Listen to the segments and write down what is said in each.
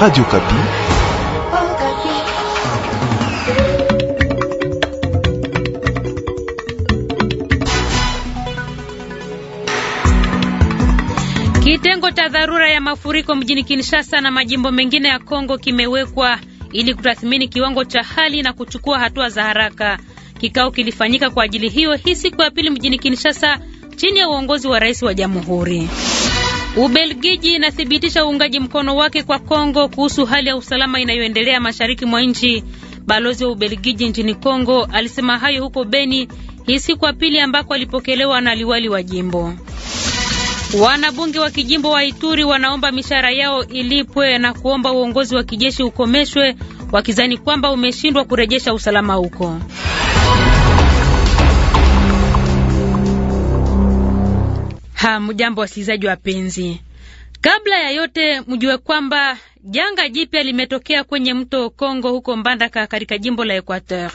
Radio Kapi. Kitengo cha dharura ya mafuriko mjini Kinshasa na majimbo mengine ya Kongo kimewekwa ili kutathmini kiwango cha hali na kuchukua hatua za haraka. Kikao kilifanyika kwa ajili hiyo hii siku ya pili mjini Kinshasa chini ya uongozi wa rais wa jamhuri. Ubelgiji inathibitisha uungaji mkono wake kwa Kongo kuhusu hali ya usalama inayoendelea mashariki mwa nchi. Balozi wa Ubelgiji nchini Kongo alisema hayo huko Beni hii siku ya pili ambako alipokelewa na liwali wa jimbo. Wanabunge wa kijimbo wa Ituri wanaomba mishahara yao ilipwe na kuomba uongozi wa kijeshi ukomeshwe wakizani kwamba umeshindwa kurejesha usalama huko. Hamjambo wasikilizaji wapenzi, kabla ya yote mjue kwamba janga jipya limetokea kwenye mto Kongo huko Mbandaka katika jimbo la Equateur.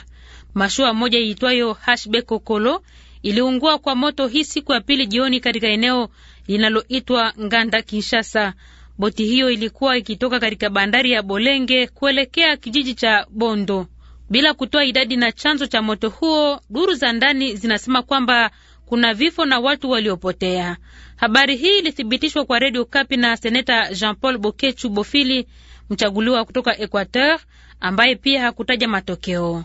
Mashua moja iitwayo HB Kokolo iliungua kwa moto hii siku ya pili jioni katika eneo linaloitwa Nganda Kinshasa. Boti hiyo ilikuwa ikitoka katika bandari ya Bolenge kuelekea kijiji cha Bondo bila kutoa idadi na chanzo cha moto huo. Duru za ndani zinasema kwamba kuna vifo na watu waliopotea. Habari hii ilithibitishwa kwa redio Kapi na seneta Jean Paul Bokechu Bofili, mchaguliwa kutoka Equateur, ambaye pia hakutaja matokeo.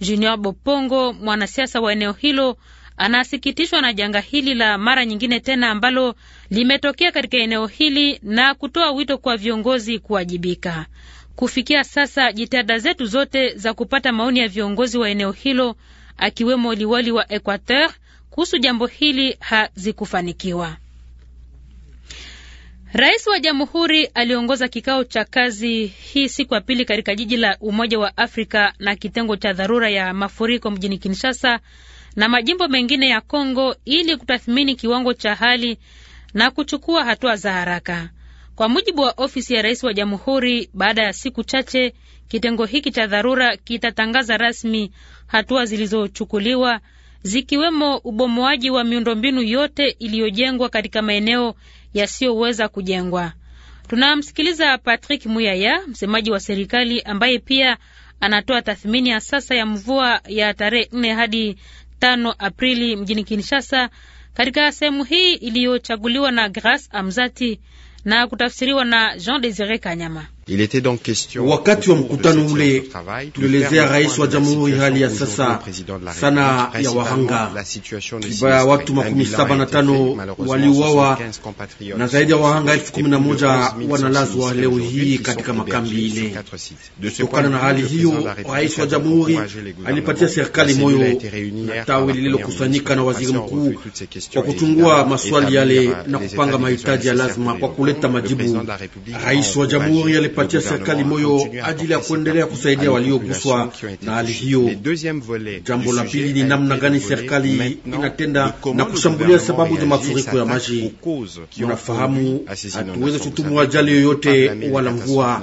Junior Bopongo, mwanasiasa wa eneo hilo, anasikitishwa na janga hili la mara nyingine tena ambalo limetokea katika eneo hili na kutoa wito kwa viongozi kuwajibika. Kufikia sasa jitihada zetu zote za kupata maoni ya viongozi wa eneo hilo, akiwemo liwali wa Equateur kuhusu jambo hili hazikufanikiwa. Rais wa jamhuri aliongoza kikao cha kazi hii siku ya pili katika jiji la Umoja wa Afrika na kitengo cha dharura ya mafuriko mjini Kinshasa na majimbo mengine ya Kongo ili kutathmini kiwango cha hali na kuchukua hatua za haraka. Kwa mujibu wa ofisi ya rais wa jamhuri, baada ya siku chache kitengo hiki cha dharura kitatangaza rasmi hatua zilizochukuliwa zikiwemo ubomoaji wa miundombinu yote iliyojengwa katika maeneo yasiyoweza kujengwa. Tunamsikiliza Patrick Muyaya, msemaji wa serikali, ambaye pia anatoa tathmini ya sasa ya mvua ya tarehe nne hadi tano Aprili mjini Kinshasa, katika sehemu hii iliyochaguliwa na Grace Amzati na kutafsiriwa na Jean Desire Kanyama. Wakati wa mkutano ule tulielezea rais wa jamhuri hali ya sasa sana ya wahanga kibaya, watu makumi saba na tano waliuawa na zaidi ya wahanga elfu kumi na moja wanalazwa leo hii katika makambi ile. Kutokana na hali hiyo, rais wa jamhuri alipatia serikali moyo na tawi lililokusanyika na waziri mkuu kwa kuchungua maswali yale na kupanga mahitaji ya lazima kwa kuleta majibu. Rais wa jamhuri inaipatia serikali moyo ajili ya kuendelea kusaidia walioguswa na hali hiyo. Jambo la pili ni namna gani serikali inatenda na kushambulia sababu za mafuriko ya maji. Mnafahamu, hatuweze shutumu ajali yoyote wala mvua,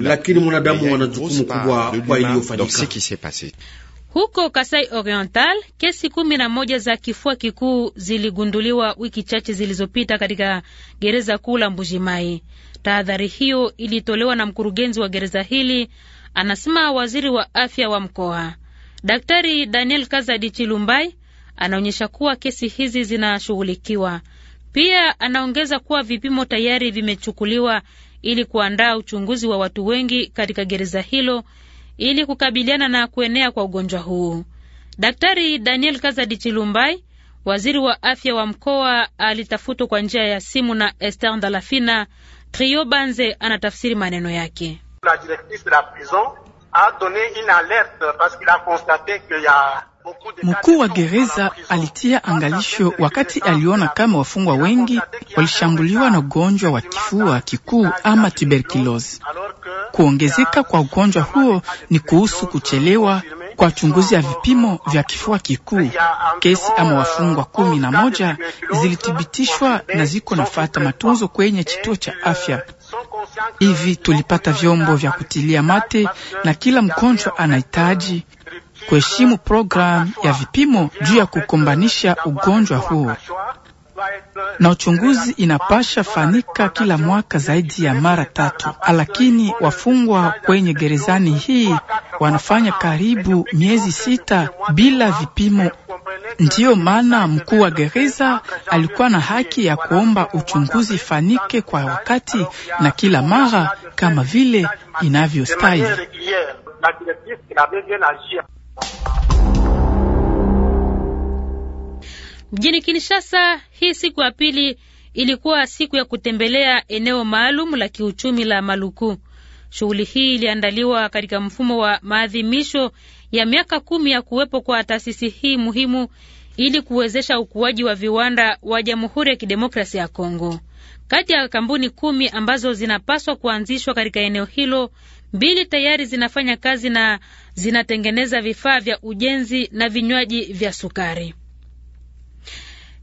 lakini mwanadamu wana jukumu kubwa kwa iliyofanyika. Huko Kasai Oriental kesi kumi na moja za kifua kikuu ziligunduliwa wiki chache zilizopita katika gereza kuu la Mbujimai. Tahadhari hiyo ilitolewa na mkurugenzi wa gereza hili, anasema waziri wa afya wa mkoa. Daktari Daniel Kazadi Chilumbai anaonyesha kuwa kesi hizi zinashughulikiwa. Pia anaongeza kuwa vipimo tayari vimechukuliwa ili kuandaa uchunguzi wa watu wengi katika gereza hilo ili kukabiliana na kuenea kwa ugonjwa huu. Daktari Daniel Kazadi Chilumbai, waziri wa afya wa mkoa, alitafutwa kwa njia ya simu na Esther Ndalafina. Trio Banze anatafsiri maneno yake. La directrice de la prison a une alerte parce qu'il a Mkuu wa gereza alitia angalisho wakati aliona kama wafungwa wengi walishambuliwa na ugonjwa wa kifua kikuu ama tuberculosis. Kuongezeka kwa ugonjwa huo ni kuhusu kuchelewa kwa uchunguzi ya vipimo vya kifua kikuu. Kesi ama wafungwa kumi na moja zilithibitishwa na ziko nafata matunzo kwenye kituo cha afya. Hivi tulipata vyombo vya kutilia mate na kila mgonjwa anahitaji kuheshimu programu ya vipimo juu ya kukombanisha ugonjwa huo, na uchunguzi inapasha fanika kila mwaka zaidi ya mara tatu, lakini wafungwa kwenye gerezani hii wanafanya karibu miezi sita bila vipimo. Ndiyo maana mkuu wa gereza alikuwa na haki ya kuomba uchunguzi fanike kwa wakati na kila mara kama vile inavyostahili. Mjini Kinshasa, hii siku ya pili ilikuwa siku ya kutembelea eneo maalum la kiuchumi la Maluku. Shughuli hii iliandaliwa katika mfumo wa maadhimisho ya miaka kumi ya kuwepo kwa taasisi hii muhimu ili kuwezesha ukuaji wa viwanda wa Jamhuri ya Kidemokrasia ya Kongo. Kati ya kampuni kumi ambazo zinapaswa kuanzishwa katika eneo hilo, mbili tayari zinafanya kazi na zinatengeneza vifaa vya ujenzi na vinywaji vya sukari.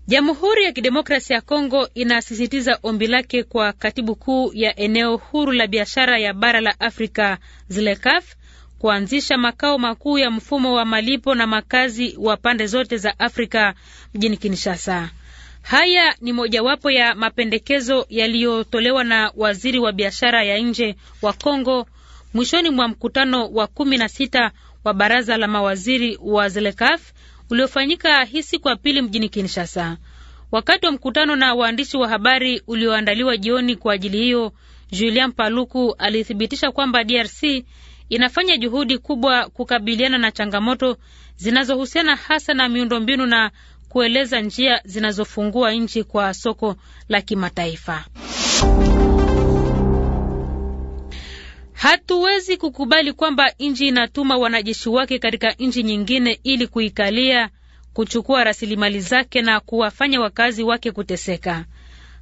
Jamhuri ya Kidemokrasia ya Kongo inasisitiza ombi lake kwa katibu kuu ya eneo huru la biashara ya bara la Afrika ZLECAf kuanzisha makao makuu ya mfumo wa malipo na makazi wa pande zote za Afrika mjini Kinshasa. Haya ni mojawapo ya mapendekezo yaliyotolewa na waziri wa biashara ya nje wa Kongo mwishoni mwa mkutano wa kumi na sita wa baraza la mawaziri wa zelekaf uliofanyika hii siku ya pili mjini Kinshasa. Wakati wa mkutano na waandishi wa habari ulioandaliwa jioni kwa ajili hiyo, Julien Paluku alithibitisha kwamba DRC inafanya juhudi kubwa kukabiliana na changamoto zinazohusiana hasa na miundombinu na kueleza njia zinazofungua nchi kwa soko la kimataifa. Hatuwezi kukubali kwamba nchi inatuma wanajeshi wake katika nchi nyingine ili kuikalia, kuchukua rasilimali zake na kuwafanya wakazi wake kuteseka.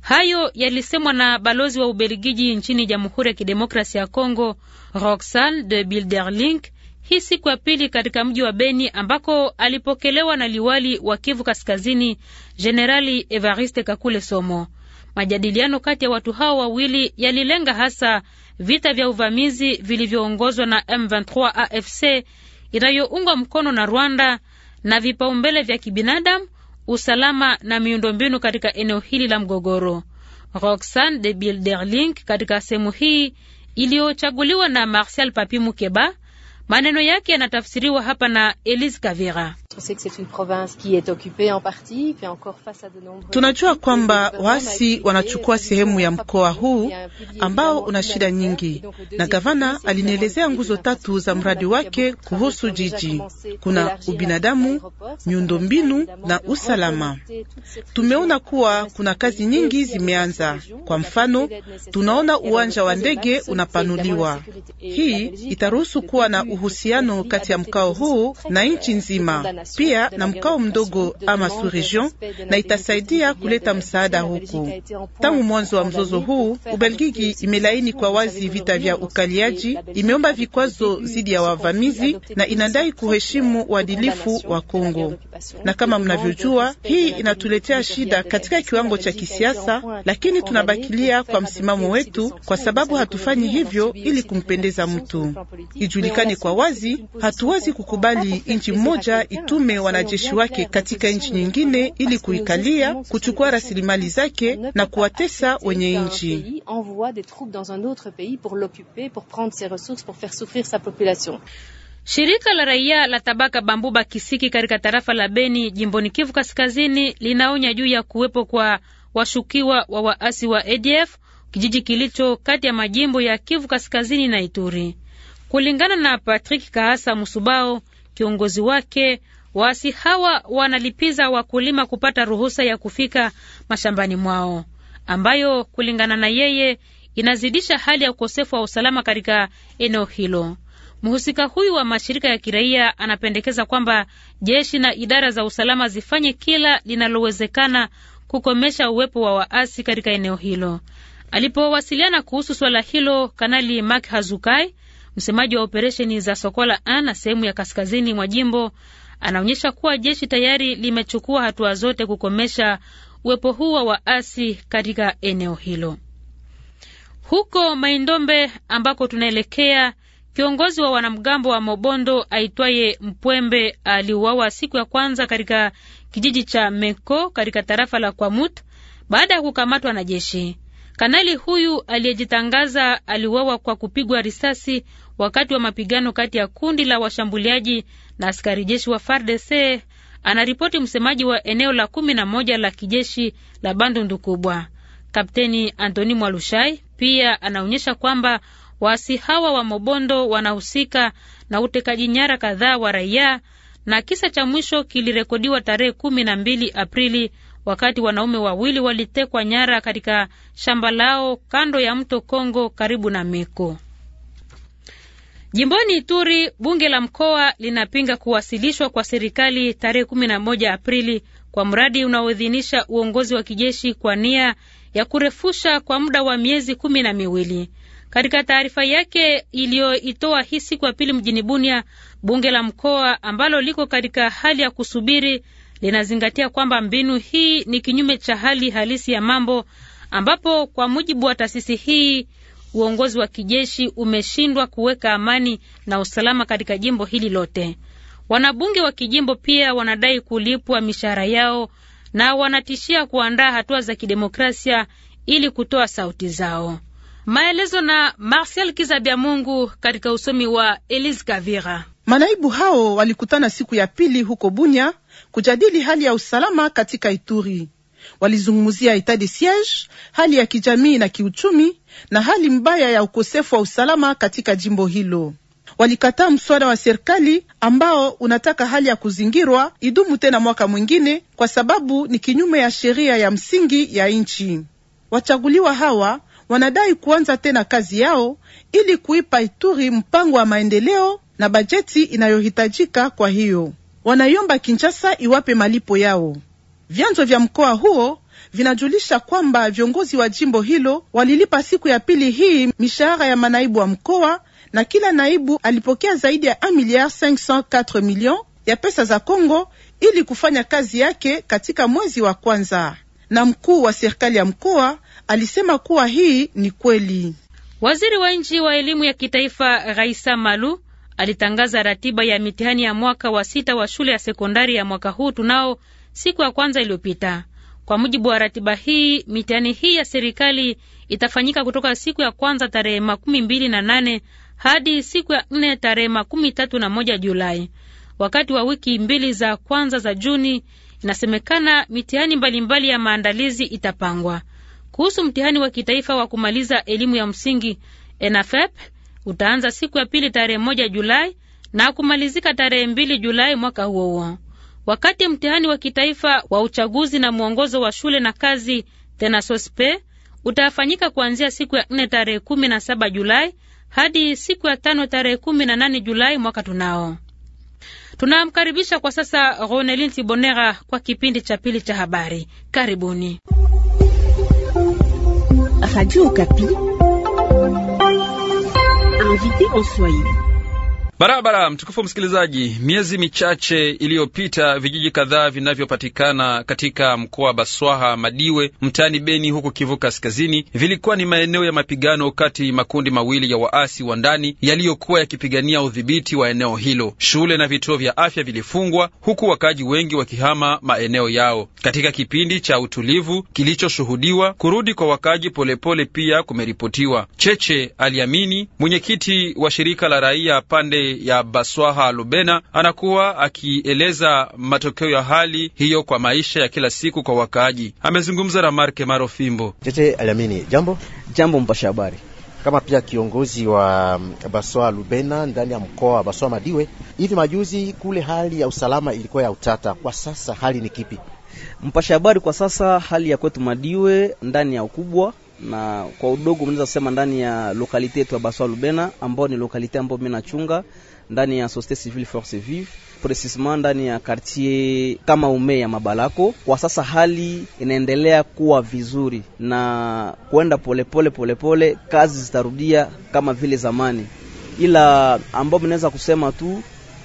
Hayo yalisemwa na balozi wa Ubelgiji nchini Jamhuri ya Kidemokrasia ya Kongo, Roxane de Bilderling, hii siku ya pili katika mji wa Beni ambako alipokelewa na liwali wa Kivu Kaskazini, Jenerali Evariste Kakule Somo. Majadiliano kati ya watu hao wawili yalilenga hasa vita vya uvamizi vilivyoongozwa na M23 AFC inayoungwa mkono na Rwanda na vipaumbele vya kibinadamu, usalama na miundombinu katika eneo hili la mgogoro. Roxane de Bilderling katika sehemu hii iliyochaguliwa na Marcel Papi Mukeba Maneno yake yanatafsiriwa hapa na Elise Kavira. Tunajua kwamba waasi wanachukua sehemu ya mkoa huu ambao una shida nyingi, na gavana alinielezea nguzo tatu za mradi wake kuhusu jiji: kuna ubinadamu, miundombinu na usalama. Tumeona kuwa kuna kazi nyingi zimeanza. Kwa mfano, tunaona uwanja wa ndege unapanuliwa. Hii itaruhusu kuwa na uhusiano kati ya mkao huu na nchi nzima, pia na mkao mdogo ama suregion, na itasaidia kuleta msaada huku. Tangu mwanzo wa mzozo huu, Ubelgiji imelaini kwa wazi vita vya ukaliaji, imeomba vikwazo dhidi ya wavamizi na inadai kuheshimu uadilifu wa Kongo. Na kama mnavyojua, hii inatuletea shida katika kiwango cha kisiasa, lakini tunabakilia kwa msimamo wetu, kwa sababu hatufanyi hivyo ili kumpendeza mtu. Ijulikane kwa wazi, hatuwezi kukubali nchi moja itume wanajeshi wake katika nchi nyingine ili kuikalia, kuchukua rasilimali zake na kuwatesa wenye nchi. Shirika la raia la tabaka Bambuba Kisiki katika tarafa la Beni jimboni Kivu Kaskazini linaonya juu ya kuwepo kwa washukiwa wa waasi wa ADF kijiji kilicho kati ya majimbo ya Kivu Kaskazini na Ituri. Kulingana na Patrick Kahasa Musubao, kiongozi wake, waasi hawa wanalipiza wakulima kupata ruhusa ya kufika mashambani mwao, ambayo kulingana na yeye inazidisha hali ya ukosefu wa usalama katika eneo hilo. Mhusika huyu wa mashirika ya kiraia anapendekeza kwamba jeshi na idara za usalama zifanye kila linalowezekana kukomesha uwepo wa waasi katika eneo hilo. Alipowasiliana kuhusu swala hilo, Kanali Mak Hazukai Msemaji wa operesheni za Sokola A na sehemu ya kaskazini mwa jimbo anaonyesha kuwa jeshi tayari limechukua hatua zote kukomesha uwepo huu wa waasi katika eneo hilo. Huko Maindombe ambako tunaelekea, kiongozi wa wanamgambo wa Mobondo aitwaye Mpwembe aliuawa siku ya kwanza katika kijiji cha Meko katika tarafa la Kwamut baada ya kukamatwa na jeshi. Kanali huyu aliyejitangaza aliuawa kwa kupigwa risasi wakati wa mapigano kati ya kundi la washambuliaji na askari jeshi wa FARDC, anaripoti msemaji wa eneo la kumi na moja la kijeshi la Bandundu Kubwa, Kapteni Antoni Mwalushai. Pia anaonyesha kwamba waasi hawa wa Mobondo wanahusika na utekaji nyara kadhaa wa raia na kisa cha mwisho kilirekodiwa tarehe kumi na mbili Aprili wakati wanaume wawili walitekwa nyara katika shamba lao kando ya mto Kongo karibu na Meko. Jimboni Ituri, bunge la mkoa linapinga kuwasilishwa kwa serikali tarehe 11 Aprili kwa mradi unaoidhinisha uongozi wa kijeshi kwa nia ya kurefusha kwa muda wa miezi kumi na miwili. Katika taarifa yake iliyoitoa hii siku ya pili mjini Bunia, bunge la mkoa ambalo liko katika hali ya kusubiri linazingatia kwamba mbinu hii ni kinyume cha hali halisi ya mambo, ambapo kwa mujibu wa taasisi hii uongozi wa kijeshi umeshindwa kuweka amani na usalama katika jimbo hili lote. Wanabunge wa kijimbo pia wanadai kulipwa mishahara yao na wanatishia kuandaa hatua za kidemokrasia ili kutoa sauti zao. Maelezo na Marcel Kizabiamungu katika usomi wa Elise Gavira. Manaibu hao walikutana siku ya pili huko Bunya kujadili hali ya usalama katika Ituri. Walizungumzia etat de siege, hali ya kijamii na kiuchumi na hali mbaya ya ukosefu wa usalama katika jimbo hilo. Walikataa mswada wa serikali ambao unataka hali ya kuzingirwa idumu tena mwaka mwingine kwa sababu ni kinyume ya sheria ya msingi ya nchi. Wachaguliwa hawa wanadai kuanza tena kazi yao ili kuipa Ituri mpango wa maendeleo na bajeti inayohitajika. Kwa hiyo wanaiomba Kinshasa iwape malipo yao. Vyanzo vya mkoa huo vinajulisha kwamba viongozi wa jimbo hilo walilipa siku ya pili hii mishahara ya manaibu wa mkoa na kila naibu alipokea zaidi ya 1 miliard 504 million ya pesa za Kongo ili kufanya kazi yake katika mwezi wa kwanza, na mkuu wa serikali ya mkoa alisema kuwa hii ni kweli. Waziri wa nchi wa elimu ya kitaifa Raisa Malu alitangaza ratiba ya mitihani ya mwaka wa sita wa shule ya sekondari ya mwaka huu tunao siku ya kwanza iliyopita. Kwa mujibu wa ratiba hii, mitihani hii ya serikali itafanyika kutoka siku ya kwanza tarehe makumi mbili na nane hadi siku ya nne tarehe makumi tatu na moja Julai. Wakati wa wiki mbili za kwanza za Juni inasemekana mitihani mbalimbali ya maandalizi itapangwa. Kuhusu mtihani wa kitaifa wa kumaliza elimu ya msingi ENAFEP, utaanza siku ya pili tarehe moja Julai na kumalizika tarehe mbili Julai mwaka huo huo. Wakati mtihani wa kitaifa wa uchaguzi na mwongozo wa shule na kazi tenasospe utafanyika kuanzia siku ya nne tarehe kumi na saba Julai hadi siku ya tano tarehe kumi na nane Julai mwaka tunao. Tunamkaribisha kwa sasa Ronelin Tibonera kwa kipindi cha pili cha habari. Karibuni Radio éviter en soi Barabara, mtukufu msikilizaji, miezi michache iliyopita vijiji kadhaa vinavyopatikana katika mkoa wa Baswaha Madiwe mtaani Beni huko Kivu Kaskazini vilikuwa ni maeneo ya mapigano kati makundi mawili ya waasi wa ndani yaliyokuwa yakipigania udhibiti wa eneo hilo. Shule na vituo vya afya vilifungwa huku wakaaji wengi wakihama maeneo yao. Katika kipindi cha utulivu kilichoshuhudiwa, kurudi kwa wakaaji polepole pia kumeripotiwa. Cheche Aliamini, mwenyekiti wa shirika la raia pande ya Baswaha Lubena anakuwa akieleza matokeo ya hali hiyo kwa maisha ya kila siku kwa wakaaji. Amezungumza na Marke Maro Fimbo. Tete Aliamini, jambo jambo, mpasha habari kama pia kiongozi wa Baswa Lubena ndani ya mkoa wa Baswa Madiwe. Hivi majuzi kule hali ya usalama ilikuwa ya utata, kwa sasa hali ni kipi? Mpasha habari, kwa sasa hali ya kwetu Madiwe ndani ya ukubwa na kwa udogo mnaweza kusema ndani ya lokalite yetu ya Baswa Lubena, ambao ni lokalite ambayo mimi nachunga ndani ya Societe Civile Force Vive, precisement ndani ya quartier kama ume ya Mabalako. Kwa sasa hali inaendelea kuwa vizuri na kuenda polepole polepole pole, kazi zitarudia kama vile zamani, ila ambao mnaweza kusema tu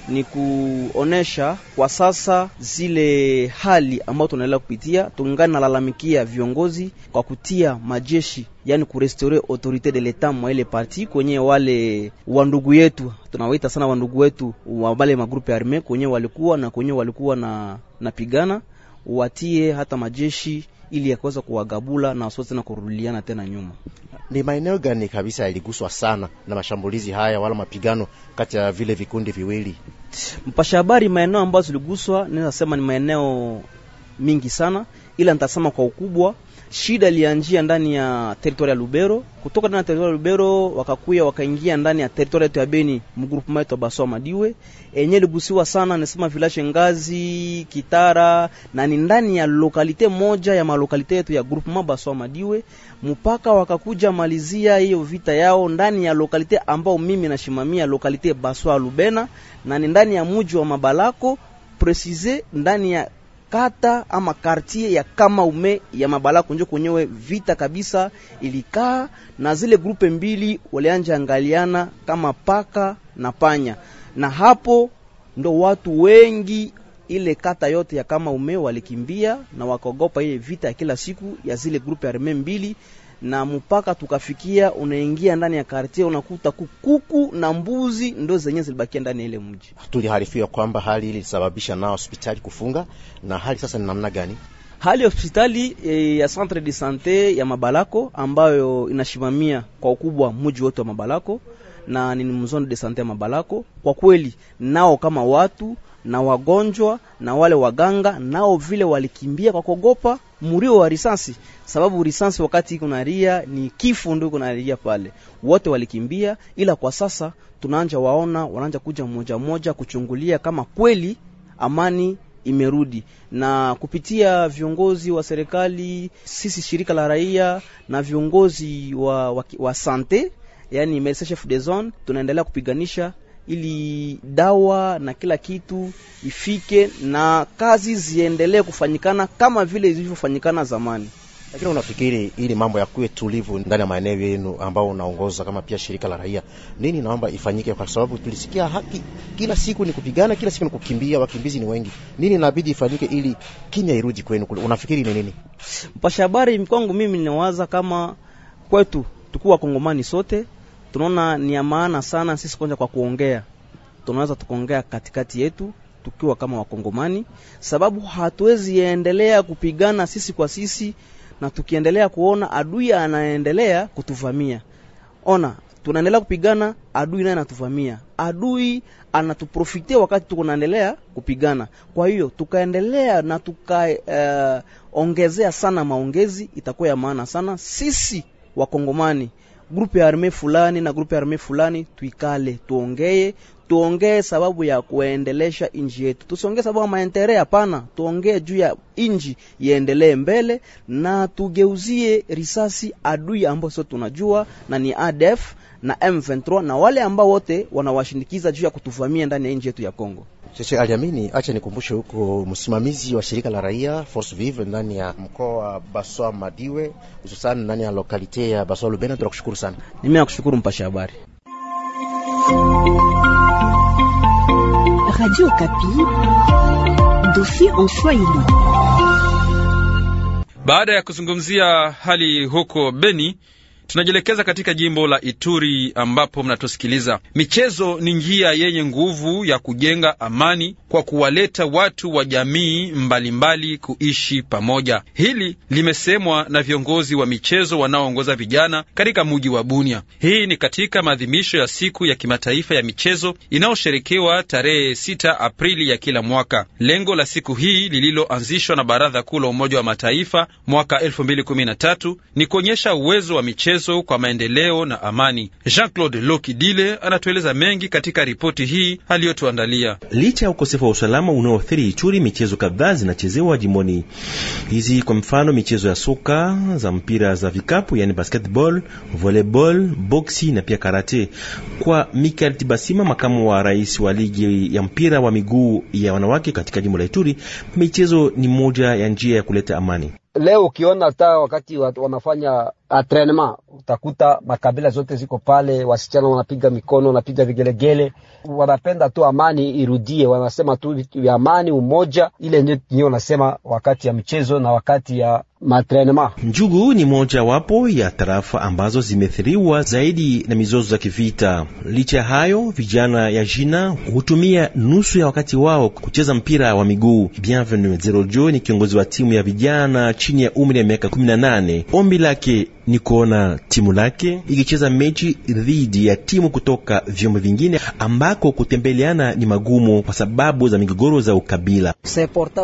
ni kuonesha kwa sasa zile hali ambayo tunaendelea kupitia, tungana nalalamikia viongozi kwa kutia majeshi, yani kurestore autorite de l'etat mwa ile parti kwenye wale wandugu yetu, tunawaita sana wandugu wetu wa wale magrupe arme kwenye walikuwa na kwenye walikuwa na napigana watie hata majeshi ili yakaweza kuwagabula na wasiweze na kurudiana tena nyuma. Ni maeneo gani kabisa yaliguswa sana na mashambulizi haya wala mapigano kati ya vile vikundi viwili? Mpasha habari, maeneo ambayo ziliguswa naweza sema ni maeneo mingi sana, ila nitasema kwa ukubwa shida ilianjia ndani ya teritori ya Lubero. Kutoka ndani ya teritori ya Lubero wakakuya wakaingia ndani ya teritori yetu ya Beni, mgrupu maito Basoa Madiwe enye libusiwa sana, nasema vilashe Ngazi, Kitara na ni ndani ya lokalite moja ya malokalite yetu ya grupu mabaswa Madiwe, mpaka wakakuja malizia hiyo vita yao ndani ya lokalite ambao mimi nashimamia lokalite Basoa Lubena, na ni ndani ya muji wa Mabalako precise ndani ya kata ama kartie ya kama ume ya Mabalaku njo kwenyewe vita kabisa ilikaa, na zile grupe mbili walianja angaliana kama paka na panya, na hapo ndo watu wengi ile kata yote ya kama ume walikimbia na wakaogopa ile vita ya kila siku ya zile grupe arme mbili na mpaka tukafikia, unaingia ndani ya kartier unakuta kukuku na mbuzi ndo zenyewe zilibakia ndani ya ile mji. Tuliharifiwa kwamba hali ile ilisababisha na hospitali kufunga, na hali sasa ni namna gani? Hali ya hospitali e, ya centre de sante ya Mabalako ambayo inashimamia kwa ukubwa mji wote wa Mabalako na ni mzone de sante ya Mabalako, kwa kweli nao kama watu na wagonjwa na wale waganga nao vile walikimbia kwa kuogopa murio wa risasi, sababu risasi wakati iko ni kifo ndio iko pale. Wote walikimbia, ila kwa sasa tunaanza waona wanaanza kuja mmoja mmoja kuchungulia kama kweli amani imerudi na kupitia viongozi wa serikali, sisi shirika la raia na viongozi wa, wa, wa sante, yani medecin chef de zone, tunaendelea kupiganisha ili dawa na kila kitu ifike na kazi ziendelee kufanyikana kama vile zilivyofanyikana zamani. Lakini unafikiri ili mambo ya kuwe tulivu ndani ya maeneo yenu ambao unaongoza kama pia shirika la raia, nini naomba ifanyike? Kwa sababu tulisikia haki kila siku ni kupigana, kila siku ni kukimbia, wakimbizi ni wengi. Nini inabidi ifanyike ili kimya irudi kwenu? Unafikiri ni nini? Mpasha habari, kwangu mimi ninawaza kama kwetu tukuwa Kongomani sote tunaona ni ya maana sana sisi kwanza kwa kuongea, tunaweza tukaongea katikati yetu tukiwa kama Wakongomani, sababu hatuwezi endelea kupigana sisi kwa sisi, na tukiendelea kuona adui anaendelea kutuvamia. Ona, tunaendelea kupigana, adui naye anatuvamia, adui anatuprofitia wakati tuko naendelea kupigana. Kwa hiyo tukaendelea na tukaongezea eh, uh, sana maongezi, itakuwa ya maana sana sisi Wakongomani grupu ya arme fulani na grupu ya arme fulani, tuikale tuongee, tuongee sababu ya kuendelesha inji yetu, tusiongee sababu ya maendeleo Hapana, tuongee juu ya inji iendelee mbele, na tugeuzie risasi adui ambao sio tunajua, na ni ADF na M23 na wale ambao wote wanawashindikiza juu ya kutuvamia ndani ya inji yetu ya Kongo. Cheche aliamini. Acha nikumbushe huko, msimamizi wa shirika la raia Force Vive ndani ya mkoa wa Baswa Madiwe, hususan ndani ya lokalite ya Baswa Lubena. Tunakushukuru sana. Nimekushukuru mpasha habari Radio Kapi, dosi en Swahili. Baada ya kuzungumzia hali huko Beni Tunajielekeza katika jimbo la Ituri ambapo mnatusikiliza. Michezo ni njia yenye nguvu ya kujenga amani kwa kuwaleta watu wa jamii mbalimbali kuishi pamoja. Hili limesemwa na viongozi wa michezo wanaoongoza vijana katika muji wa Bunia. Hii ni katika maadhimisho ya siku ya kimataifa ya michezo inayosherekewa tarehe 6 Aprili ya kila mwaka. Lengo la siku hii lililoanzishwa na Baraza Kuu la Umoja wa Mataifa mwaka 2013 ni kuonyesha uwezo wa michezo uwezo kwa maendeleo na amani. Jean-Claude Lokidile anatueleza mengi katika ripoti hii aliyotuandalia. Licha ya ukosefu wa usalama unaoathiri Ichuri, michezo kadhaa zinachezewa jimoni hizi, kwa mfano michezo ya soka, za mpira za vikapu, yani basketball, volleyball, boksi na pia karate. Kwa Mikael Tibasima, makamu wa rais wa ligi ya mpira wa miguu ya wanawake katika jimbo la Ituri, michezo ni moja ya njia ya kuleta amani leo ukiona hata wakati wanafanya atrenema ah, utakuta makabila zote ziko pale, wasichana wanapiga mikono, wanapiga vigelegele, wanapenda tu amani irudie, wanasema tu vitu amani, umoja. Ile ndio wanasema wakati ya mchezo na wakati ya matrenema. Njugu ni moja wapo ya tarafa ambazo zimethiriwa zaidi na mizozo za kivita. Licha ya hayo, vijana ya jina hutumia nusu ya wakati wao kucheza mpira wa miguu. Bienvenu Zerojo ni kiongozi wa timu ya vijana chini ya umri ya miaka 18 ombi lake ni kuona timu lake ikicheza mechi dhidi ya timu kutoka vyombo vingine ambako kutembeleana ni magumu kwa sababu za migogoro za ukabila.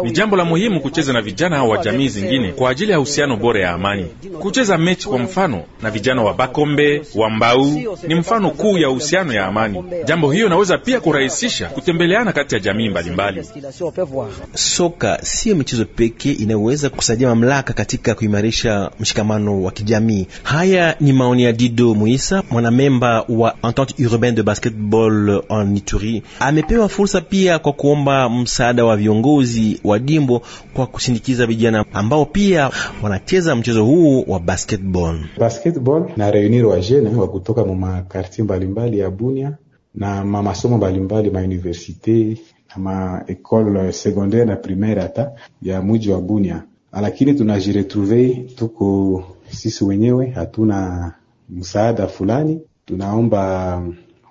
Ni jambo la muhimu kucheza na vijana hao wa jamii zingine kwa ajili ya uhusiano bora ya amani. Kucheza mechi kwa mfano na vijana wa Bakombe wa Mbau ni mfano kuu ya uhusiano ya amani. Jambo hiyo inaweza pia kurahisisha kutembeleana kati ya jamii mbalimbali. Soka siyo michezo pekee inayoweza kusaidia mamlaka katika kuimarisha mshikamano wa kijamii gani? Haya ni maoni ya Dido Muisa, mwanamemba wa Entente Urbaine de Basketball en Ituri. Amepewa fursa pia kwa kuomba msaada wa viongozi wa dimbo kwa kusindikiza vijana ambao pia wanacheza mchezo huu wa basketball. Basketball na reunir wa jene wa kutoka mumakartie mbalimbali ya Bunia na mamasomo mbalimbali mauniversite na maekole secondaire na primaire hata ya muji wa Bunia, lakini tunajiretrouve tuko sisi wenyewe hatuna msaada fulani, tunaomba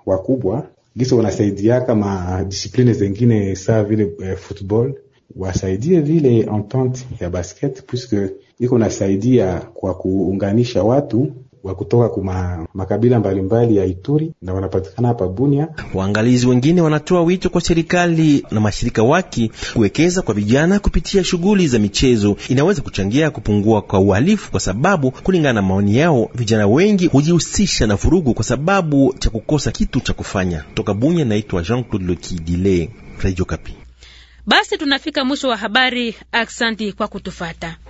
wakubwa gisa wanasaidia kama disipline zengine saa vile eh, football wasaidie vile entente ya basket puisque iko nasaidia kwa kuunganisha watu wa kutoka kuma makabila mbalimbali ya Ituri na wanapatikana hapa Bunia. Waangalizi wengine wanatoa wito kwa serikali na mashirika waki kuwekeza kwa vijana kupitia shughuli za michezo, inaweza kuchangia kupungua kwa uhalifu, kwa sababu kulingana na maoni yao, vijana wengi hujihusisha na vurugu kwa sababu cha kukosa kitu cha kufanya. Toka Bunia, naitwa Jean Claude Lokidile, Radio Kapi. Basi tunafika mwisho wa habari. Aksanti kwa kutufata.